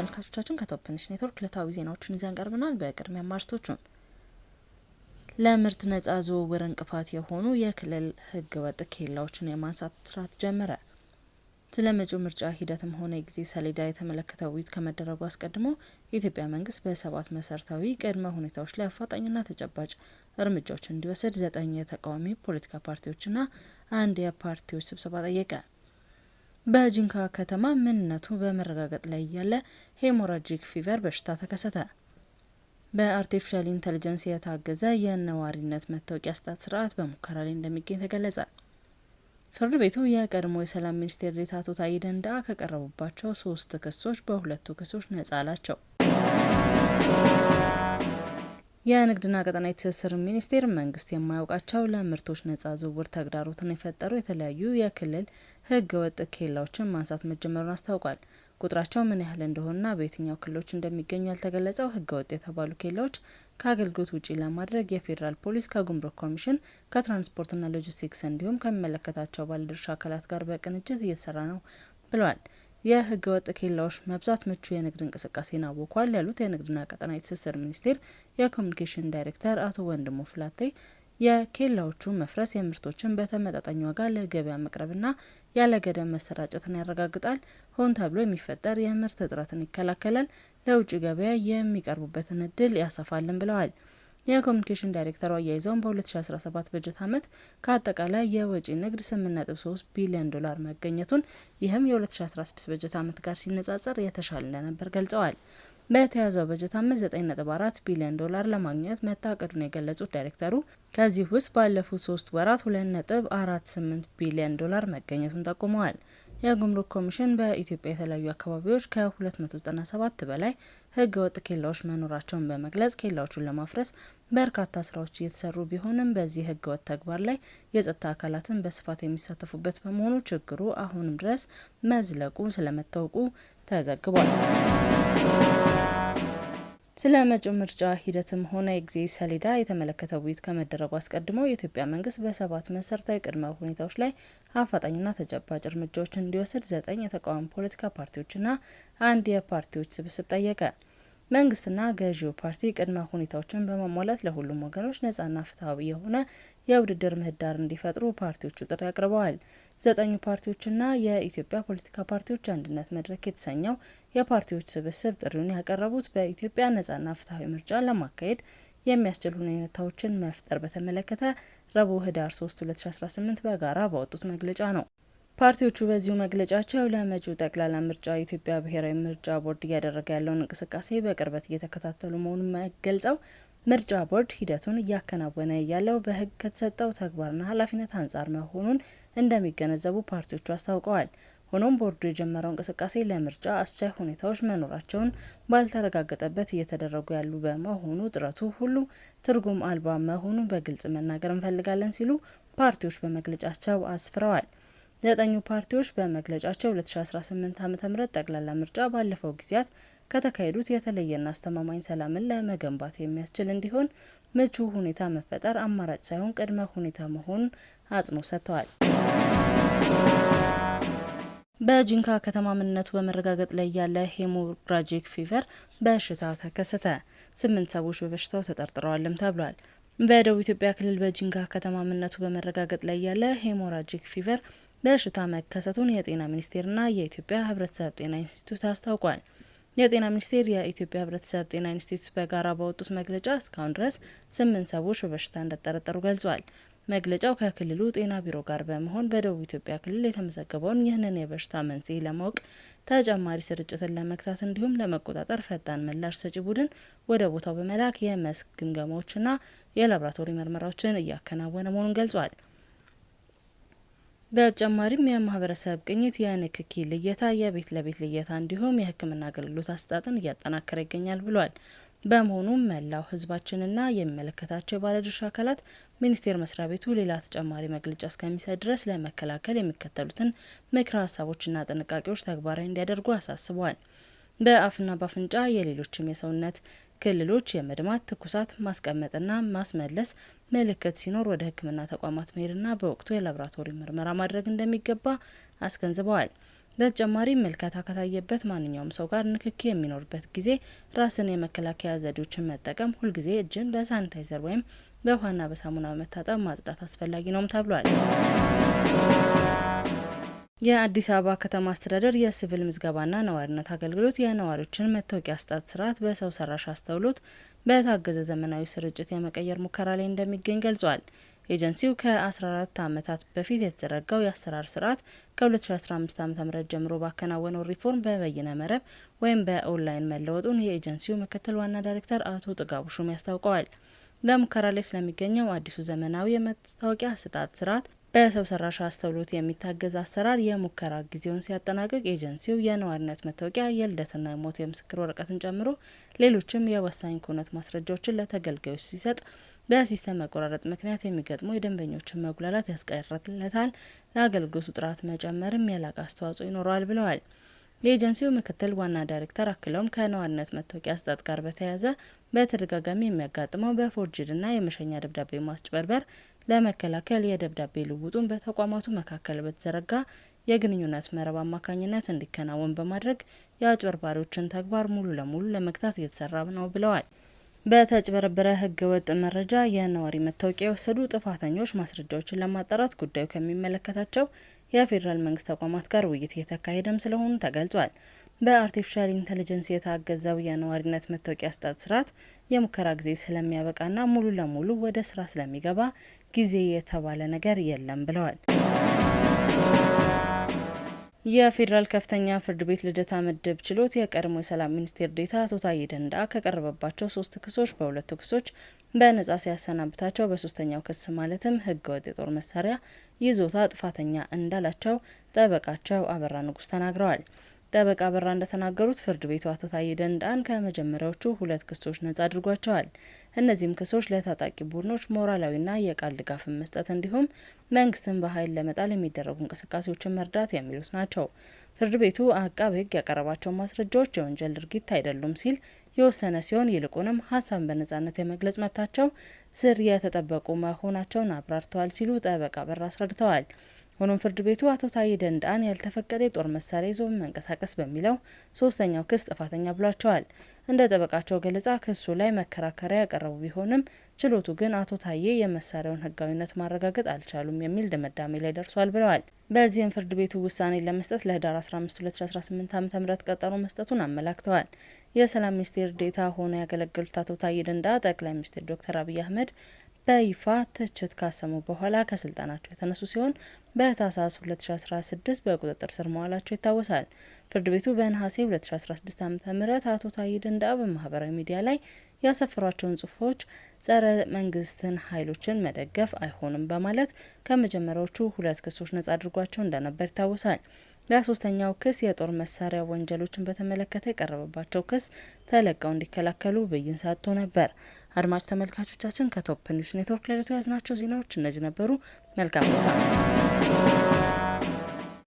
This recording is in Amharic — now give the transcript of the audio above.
ተመልካቾቻችን ከቶፕንሽ ኔትወርክ ዕለታዊ ዜናዎችን ይዘን ቀርበናል። በቅድሚያ ማርቶቹን ለምርት ነጻ ዝውውር እንቅፋት የሆኑ የክልል ህገ ወጥ ኬላዎችን የማንሳት ስርዓት ጀመረ። ስለ መጪው ምርጫ ሂደትም ሆነ የጊዜ ሰሌዳ የተመለከተ ውይይት ከመደረጉ አስቀድሞ የኢትዮጵያ መንግስት በሰባት መሰረታዊ ቅድመ ሁኔታዎች ላይ አፋጣኝና ተጨባጭ እርምጃዎች እንዲወስድ ዘጠኝ የተቃዋሚ ፖለቲካ ፓርቲዎችና አንድ የፓርቲዎች ስብሰባ ጠየቀ። በጂንካ ከተማ ምንነቱ በመረጋገጥ ላይ እያለ ሄሞራጂክ ፊቨር በሽታ ተከሰተ። በአርቲፊሻል ኢንተልጀንስ የታገዘ የነዋሪነት መታወቂያ አሰጣጥ ስርዓት በሙከራ ላይ እንደሚገኝ ተገለጸ። ፍርድ ቤቱ የቀድሞ የሰላም ሚኒስቴር ዴኤታ አቶ ታዬ ደንደአ ከቀረቡባቸው ሶስት ክሶች በሁለቱ ክሶች ነጻ አላቸው። የንግድና ቀጠናዊ ትስስር ሚኒስቴር መንግስት የማያውቃቸው ለምርቶች ነጻ ዝውውር ተግዳሮትን የፈጠሩ የተለያዩ የክልል ህገወጥ ኬላዎችን ማንሳት መጀመሩን አስታውቋል። ቁጥራቸው ምን ያህል እንደሆነና በየትኛው ክልሎች እንደሚገኙ ያልተገለጸው ህገወጥ የተባሉ ኬላዎች ከአገልግሎት ውጪ ለማድረግ የፌዴራል ፖሊስ ከጉምሩክ ኮሚሽን፣ ከትራንስፖርትና ሎጂስቲክስ እንዲሁም ከሚመለከታቸው ባለድርሻ አካላት ጋር በቅንጅት እየተሰራ ነው ብለዋል። የህገወጥ ኬላዎች መብዛት ምቹ የንግድ እንቅስቃሴን አውኳል ያሉት የንግድና ቀጠና የትስስር ሚኒስቴር የኮሚኒኬሽን ዳይሬክተር አቶ ወንድሙ ፍላቴ የኬላዎቹ መፍረስ የምርቶችን በተመጣጣኝ ዋጋ ለገበያ መቅረብና ያለ ገደብ መሰራጨትን ያረጋግጣል፣ ሆን ተብሎ የሚፈጠር የምርት እጥረትን ይከላከላል፣ ለውጭ ገበያ የሚቀርቡበትን እድል ያሰፋልን ብለዋል። የኮሚኒኬሽን ዳይሬክተሩ አያይዘውን በ2017 በጀት ዓመት ከአጠቃላይ የወጪ ንግድ 8.3 ቢሊዮን ዶላር መገኘቱን ይህም የ2016 በጀት ዓመት ጋር ሲነጻጸር የተሻለ እንደነበር ገልጸዋል። በተያዘው በጀት ዓመት 9.4 ቢሊዮን ዶላር ለማግኘት መታቀዱን የገለጹት ዳይሬክተሩ ከዚህ ውስጥ ባለፉት ሶስት ወራት 2.48 ቢሊዮን ዶላር መገኘቱን ጠቁመዋል። የጉምሩክ ኮሚሽን በኢትዮጵያ የተለያዩ አካባቢዎች ከ297 በላይ ህገ ወጥ ኬላዎች መኖራቸውን በመግለጽ ኬላዎቹን ለማፍረስ በርካታ ስራዎች እየተሰሩ ቢሆንም በዚህ ህገ ወጥ ተግባር ላይ የጸጥታ አካላትን በስፋት የሚሳተፉበት በመሆኑ ችግሩ አሁንም ድረስ መዝለቁ ስለመታወቁ ተዘግቧል። ስለ መጪው ምርጫ ሂደትም ሆነ የጊዜ ሰሌዳ የተመለከተ ውይይት ከመደረጉ አስቀድሞ የኢትዮጵያ መንግስት በሰባት መሰረታዊ ቅድመ ሁኔታዎች ላይ አፋጣኝና ተጨባጭ እርምጃዎች እንዲወስድ ዘጠኝ የተቃዋሚ ፖለቲካ ፓርቲዎችና አንድ የፓርቲዎች ስብስብ ጠየቀ። መንግስትና ገዢው ፓርቲ ቅድመ ሁኔታዎችን በማሟላት ለሁሉም ወገኖች ነጻና ፍትሐዊ የሆነ የውድድር ምህዳር እንዲፈጥሩ ፓርቲዎቹ ጥሪ አቅርበዋል። ዘጠኙ ፓርቲዎችና የኢትዮጵያ ፖለቲካ ፓርቲዎች አንድነት መድረክ የተሰኘው የፓርቲዎች ስብስብ ጥሪውን ያቀረቡት በኢትዮጵያ ነጻና ፍትሐዊ ምርጫ ለማካሄድ የሚያስችል ሁኔታዎችን መፍጠር በተመለከተ ረቡዕ ህዳር 3 2018 በጋራ ባወጡት መግለጫ ነው። ፓርቲዎቹ በዚሁ መግለጫቸው ለመጪው ጠቅላላ ምርጫ የኢትዮጵያ ብሔራዊ ምርጫ ቦርድ እያደረገ ያለውን እንቅስቃሴ በቅርበት እየተከታተሉ መሆኑን ገልጸው ምርጫ ቦርድ ሂደቱን እያከናወነ ያለው በሕግ ከተሰጠው ተግባርና ኃላፊነት አንጻር መሆኑን እንደሚገነዘቡ ፓርቲዎቹ አስታውቀዋል። ሆኖም ቦርዱ የጀመረው እንቅስቃሴ ለምርጫ አስቻይ ሁኔታዎች መኖራቸውን ባልተረጋገጠበት እየተደረጉ ያሉ በመሆኑ ጥረቱ ሁሉ ትርጉም አልባ መሆኑን በግልጽ መናገር እንፈልጋለን ሲሉ ፓርቲዎች በመግለጫቸው አስፍረዋል። ዘጠኙ ፓርቲዎች በመግለጫቸው 2018 ም ጠቅላላ ምርጫ ባለፈው ጊዜያት ከተካሄዱት የተለየና አስተማማኝ ሰላምን ለመገንባት የሚያስችል እንዲሆን ምቹ ሁኔታ መፈጠር አማራጭ ሳይሆን ቅድመ ሁኔታ መሆኑን አጽንኦት ሰጥተዋል። በጂንካ ከተማ ምንነቱ በመረጋገጥ ላይ ያለ ሄሞራጂክ ፊቨር በሽታ ተከሰተ። ስምንት ሰዎች በበሽታው ተጠርጥረዋልም ተብሏል። በደቡብ ኢትዮጵያ ክልል በጂንካ ከተማ ምንነቱ በመረጋገጥ ላይ ያለ ሄሞራጂክ ፊቨር በሽታ መከሰቱን የጤና ሚኒስቴርና የኢትዮጵያ ህብረተሰብ ጤና ኢንስቲትዩት አስታውቋል። የጤና ሚኒስቴር የኢትዮጵያ ህብረተሰብ ጤና ኢንስቲትዩት በጋራ ባወጡት መግለጫ እስካሁን ድረስ ስምንት ሰዎች በበሽታ እንደጠረጠሩ ገልጿል። መግለጫው ከክልሉ ጤና ቢሮ ጋር በመሆን በደቡብ ኢትዮጵያ ክልል የተመዘገበውን ይህንን የበሽታ መንስኤ ለማወቅ ተጨማሪ ስርጭትን ለመግታት እንዲሁም ለመቆጣጠር ፈጣን ምላሽ ሰጪ ቡድን ወደ ቦታው በመላክ የመስክ ግምገማዎችና የላብራቶሪ ምርመራዎችን እያከናወነ መሆኑን ገልጿል። በተጨማሪም የማህበረሰብ ቅኝት፣ የንክኪ ልየታ፣ የቤት ለቤት ልየታ እንዲሁም የሕክምና አገልግሎት አሰጣጥን እያጠናከረ ይገኛል ብሏል። በመሆኑም መላው ህዝባችንና የሚመለከታቸው ባለድርሻ አካላት ሚኒስቴር መስሪያ ቤቱ ሌላ ተጨማሪ መግለጫ እስከሚሰጥ ድረስ ለመከላከል የሚከተሉትን ምክረ ሀሳቦችና ጥንቃቄዎች ተግባራዊ እንዲያደርጉ አሳስቧል። በአፍና በአፍንጫ የሌሎችም የሰውነት ክልሎች የመድማት፣ ትኩሳት፣ ማስቀመጥና ማስመለስ ምልክት ሲኖር ወደ ሕክምና ተቋማት መሄድና በወቅቱ የላብራቶሪ ምርመራ ማድረግ እንደሚገባ አስገንዝበዋል። በተጨማሪም ምልከታ ከታየበት ማንኛውም ሰው ጋር ንክኪ የሚኖርበት ጊዜ ራስን የመከላከያ ዘዴዎችን መጠቀም፣ ሁልጊዜ እጅን በሳኒታይዘር ወይም በውሃና በሳሙና በመታጠብ ማጽዳት አስፈላጊ ነውም ተብሏል። የአዲስ አበባ ከተማ አስተዳደር የሲቪል ምዝገባና ነዋሪነት አገልግሎት የነዋሪዎችን መታወቂያ አስጣት ስርዓት በሰው ሰራሽ አስተውሎት በታገዘ ዘመናዊ ስርጭት የመቀየር ሙከራ ላይ እንደሚገኝ ገልጿል። ኤጀንሲው ከ14 ዓመታት በፊት የተዘረጋው የአሰራር ስርዓት ከ2015 ዓ.ም ጀምሮ ባከናወነው ሪፎርም በበይነ መረብ ወይም በኦንላይን መለወጡን የኤጀንሲው ምክትል ዋና ዳይሬክተር አቶ ጥጋቡ ሹም ያስታውቀዋል። በሙከራ ላይ ስለሚገኘው አዲሱ ዘመናዊ የመታወቂያ አሰጣጥ ስርዓት በሰው ሰራሽ አስተውሎት የሚታገዝ አሰራር የሙከራ ጊዜውን ሲያጠናቅቅ ኤጀንሲው የነዋሪነት መታወቂያ፣ የልደትና የሞት የምስክር ወረቀትን ጨምሮ ሌሎችም የወሳኝ ኩነት ማስረጃዎችን ለተገልጋዮች ሲሰጥ በሲስተም መቆራረጥ ምክንያት የሚገጥሙ የደንበኞችን መጉላላት ያስቀርለታል፣ ለአገልግሎቱ ጥራት መጨመርም የላቀ አስተዋጽኦ ይኖረዋል ብለዋል። የኤጀንሲው ምክትል ዋና ዳይሬክተር አክለውም ከነዋሪነት መታወቂያ አሰጣጥ ጋር በተያያዘ በተደጋጋሚ የሚያጋጥመው በፎርጅድና የመሸኛ ደብዳቤ ማስጭበርበር ለመከላከል የደብዳቤ ልውውጡን በተቋማቱ መካከል በተዘረጋ የግንኙነት መረብ አማካኝነት እንዲከናወን በማድረግ የአጭበርባሪዎችን ተግባር ሙሉ ለሙሉ ለመግታት እየተሰራ ነው ብለዋል። በተጭበረበረ ህገወጥ መረጃ የነዋሪ መታወቂያ የወሰዱ ጥፋተኞች ማስረጃዎችን ለማጣራት ጉዳዩ ከሚመለከታቸው የፌዴራል መንግስት ተቋማት ጋር ውይይት እየተካሄደም ስለሆኑ ተገልጿል። በአርቲፊሻል ኢንተለጀንስ የታገዘው የነዋሪነት መታወቂያ አሰጣጥ ስርዓት የሙከራ ጊዜ ስለሚያበቃና ሙሉ ለሙሉ ወደ ስራ ስለሚገባ ጊዜ የተባለ ነገር የለም ብለዋል። የፌዴራል ከፍተኛ ፍርድ ቤት ልደታ ምድብ ችሎት የቀድሞ የሰላም ሚኒስቴር ዴታ አቶ ታዬ ደንዳ ከቀረበባቸው ሶስት ክሶች በሁለቱ ክሶች በነጻ ሲያሰናብታቸው በሶስተኛው ክስ ማለትም ህገወጥ የጦር መሳሪያ ይዞታ ጥፋተኛ እንዳላቸው ጠበቃቸው አበራ ንጉስ ተናግረዋል። ጠበቃ በራ እንደተናገሩት ፍርድ ቤቱ አቶ ታዬ ደንዳን ከመጀመሪያዎቹ ሁለት ክሶች ነጻ አድርጓቸዋል። እነዚህም ክሶች ለታጣቂ ቡድኖች ሞራላዊና የቃል ድጋፍን መስጠት እንዲሁም መንግስትን በኃይል ለመጣል የሚደረጉ እንቅስቃሴዎችን መርዳት የሚሉት ናቸው። ፍርድ ቤቱ አቃቤ ሕግ ያቀረባቸው ማስረጃዎች የወንጀል ድርጊት አይደሉም ሲል የወሰነ ሲሆን ይልቁንም ሀሳብን በነጻነት የመግለጽ መብታቸው ስር የተጠበቁ መሆናቸውን አብራርተዋል ሲሉ ጠበቃ በራ አስረድተዋል። ሆኖም ፍርድ ቤቱ አቶ ታዬ ደንዳን ያልተፈቀደ የጦር መሳሪያ ይዞ መንቀሳቀስ በሚለው ሶስተኛው ክስ ጥፋተኛ ብሏቸዋል። እንደ ጠበቃቸው ገለጻ ክሱ ላይ መከራከሪያ ያቀረቡ ቢሆንም ችሎቱ ግን አቶ ታዬ የመሳሪያውን ሕጋዊነት ማረጋገጥ አልቻሉም የሚል ድምዳሜ ላይ ደርሷል ብለዋል። በዚህም ፍርድ ቤቱ ውሳኔ ለመስጠት ለህዳር 15 2018 ዓ ም ቀጠሮ መስጠቱን አመላክተዋል። የሰላም ሚኒስቴር ዴታ ሆነው ያገለገሉት አቶ ታዬ ደንዳ ጠቅላይ ሚኒስትር ዶክተር አብይ አህመድ በይፋ ትችት ካሰሙ በኋላ ከስልጣናቸው የተነሱ ሲሆን በታህሳስ 2016 በቁጥጥር ስር መዋላቸው ይታወሳል። ፍርድ ቤቱ በነሐሴ 2016 ዓ.ም አቶ ታዬ ደንደአ በማህበራዊ ሚዲያ ላይ ያሰፈሯቸውን ጽሁፎች ጸረ መንግስትን ኃይሎችን መደገፍ አይሆንም በማለት ከመጀመሪያዎቹ ሁለት ክሶች ነጻ አድርጓቸው እንደነበር ይታወሳል። በሶስተኛው ክስ የጦር መሳሪያ ወንጀሎችን በተመለከተ የቀረበባቸው ክስ ተለቀው እንዲከላከሉ ብይን ሰጥቶ ነበር። አድማጭ ተመልካቾቻችን ከቶፕ ኒውስ ኔትወርክ ለዕለቱ ያዝናቸው ዜናዎች እነዚህ ነበሩ። መልካም